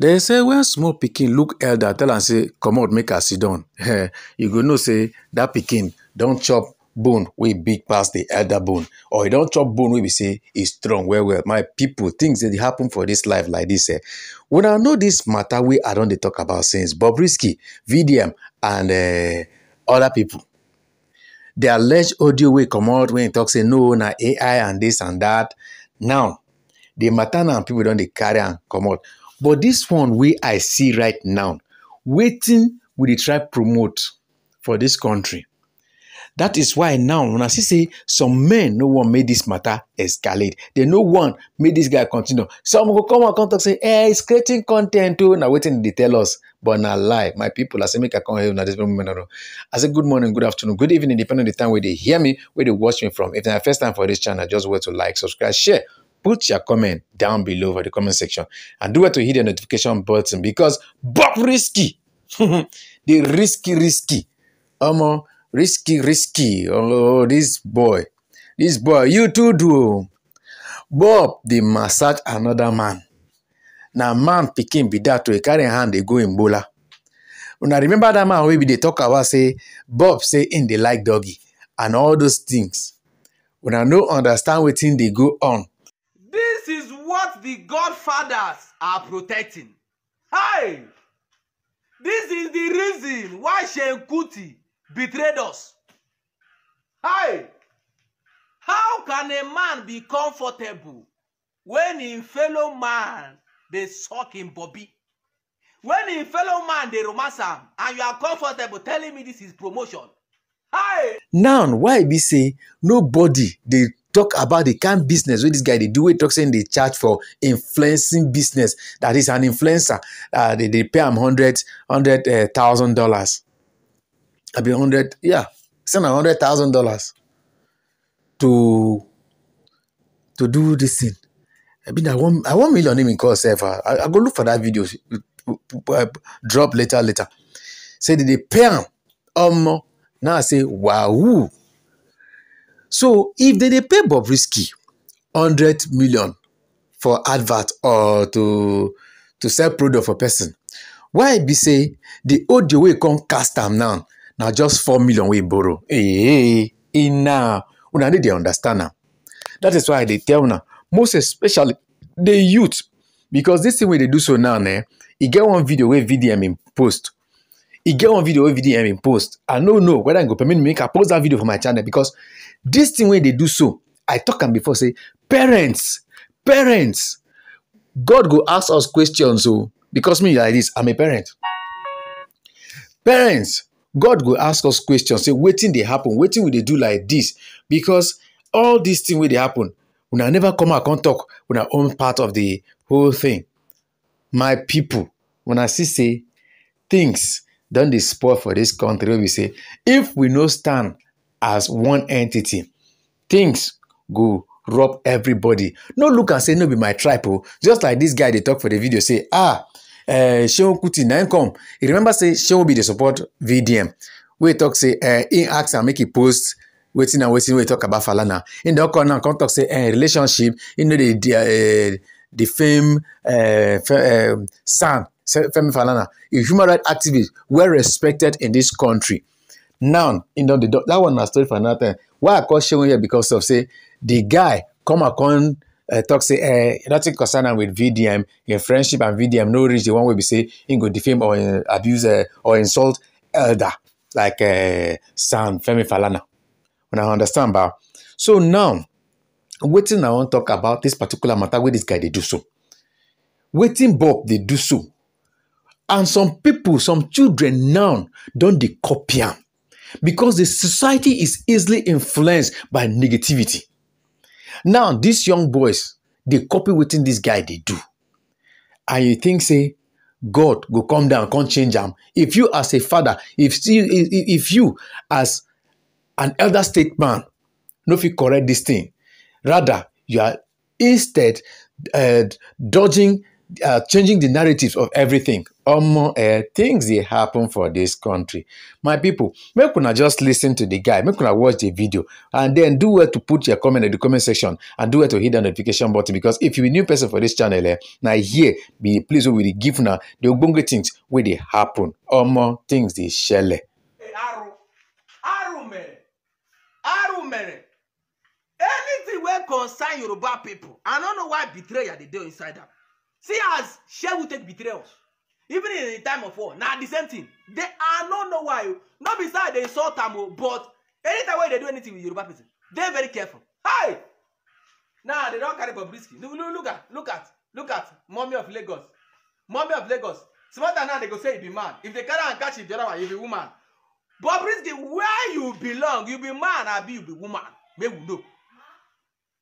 dem say when small pikin look elder tell am say comot make i siddon eh, you go know say that pikin don chop bone wey big pass the elder bone or e don chop bone wey be say e strong well well my people things dey happen for this life like this eh una know this matter wey i don dey talk about since Bobrisky VDM and uh, other people the alleged audio wey comot wey e talk say no na AI and this and that now the matter now people don dey carry am comot But this one wey I see right now, wetin we dey try promote for this country. That is why now una see say some men no wan make this matter escalate. Dem no wan make this guy continue. Some go come out come talk say, "Eh, he's creating con ten t oo, oh. na wetin dey tell us." But na lie. My people, I say make I come here na dis moment na. I say good morning, good afternoon, good evening, depending on the time wey dey hear me, wey dey watch me from. If na your first time for this channel, just wait to like, subscribe, share put your comment down below for the comment section and do it to hit the notification button because Bob Risky, the risky risky, um, risky risky, oh, this boy, this boy, you too do. Bob, the massage another man. Now man picking be that to a carry hand they go in bola. When I remember that man we they talk about say Bob say in they like doggy and all those things. When I no understand what thing they go on, the godfathers are protecting. Hey! This is the reason why Sheikh betrayed us. Hey! How can a man be comfortable when im fellow man they suck im Bobby? When im fellow man they romance am and you are comfortable telling me this is promotion? Hey! Now why be say nobody They. talk about the kind of business wey this guy dey do wey talk say dey charge for influencing business that is an influencer uh, they dey pay am hundred hundred eh, thousand dollars i be hundred yeah send am hundred thousand dollars to to do this thing i mean i wan i wan million name in call sef ah i, I go look for that video eh, drop later later say they dey pay am omo um, now i say wahoo so if they dey pay bobrisky hundred million for advert or to to sell product for person why e be say the audio wey come cast am now na just four million wey e borrow ee e na una no dey understand am that is why i dey tell una most especially the youth because this thing wey dey do so now eh, e get one video wey vdm post e get one video wey vdm bin post i no know whether e go permit me make i post that video for my channel because this thing wey dey do so i talk am before say parents parents god go ask us questions o oh, because me like this i'm a parent parents god go ask us questions say wetin dey happen wetin we dey do like this because all this thing wey dey happen una never come out come talk una own part of the whole thing my people una see say things don dey spoil for dis country wey be say if we no stand as one entity, things go rub everybody. No look and say no be my tribe o. Oh. Just like dis guy dey talk for the video say ah uh, Seun Kuti na come. He remember say Seun be dey support VDM. Wey talk say uh, he ask am make he post wetin and wetin wey talk about Falana. He don come now come talk say uh, relationship, he no dey uh, defame uh, uh, Sam Femi Falana, a human rights activist, well respected in this country. Now, you know, the, that one I story for another time. Why I call Shehu here because of say the guy come upon uh, eh, talk say uh, nothing concerned with VDM in friendship and VDM no reach the one wey be say him go defame or uh, abuse uh, or insult elder like uh, Sam Femi Falana. I understand ba? So now, waiting. I wan talk about this particular matter wey this guy They do so. Waiting, Bob They do so And some people, some children now don dey copy am because the society is easily influenced by negativity. Now these young boys dey copy wetin this guy dey do and you think say God go come down come change am. If you as a father, if you if you as an elder statesman no fit correct this thing, rather you are instead uh, dodging uh, changing the narratives of everything. Omo, uh, things they happen for this country. My people, make una just listen to the guy, make una watch the video, and then do where to put your comment in the comment section and do where to hit the notification button because if you a new person for this channel, eh, now here be the place where we give now the Ogbonge things where they happen. Omo, things they shele. Anything will concern Yoruba people. I don't know why betrayal they do inside them. See as Shehu take betrayals. Even in the time of war, na the same thing. They are no know why. No be say they insult am o, oh, but anytime wey dey do anything with Yoruba person, dey very careful. Hi! Now nah, they don carry Bobrisky. Look, at, look at, look at mummy of Lagos. Mummy of Lagos. Small time now they go say he be man. If they carry am catch him, the other one, be woman. Bobrisky, where you belong, you be man abi you be woman? Make we know.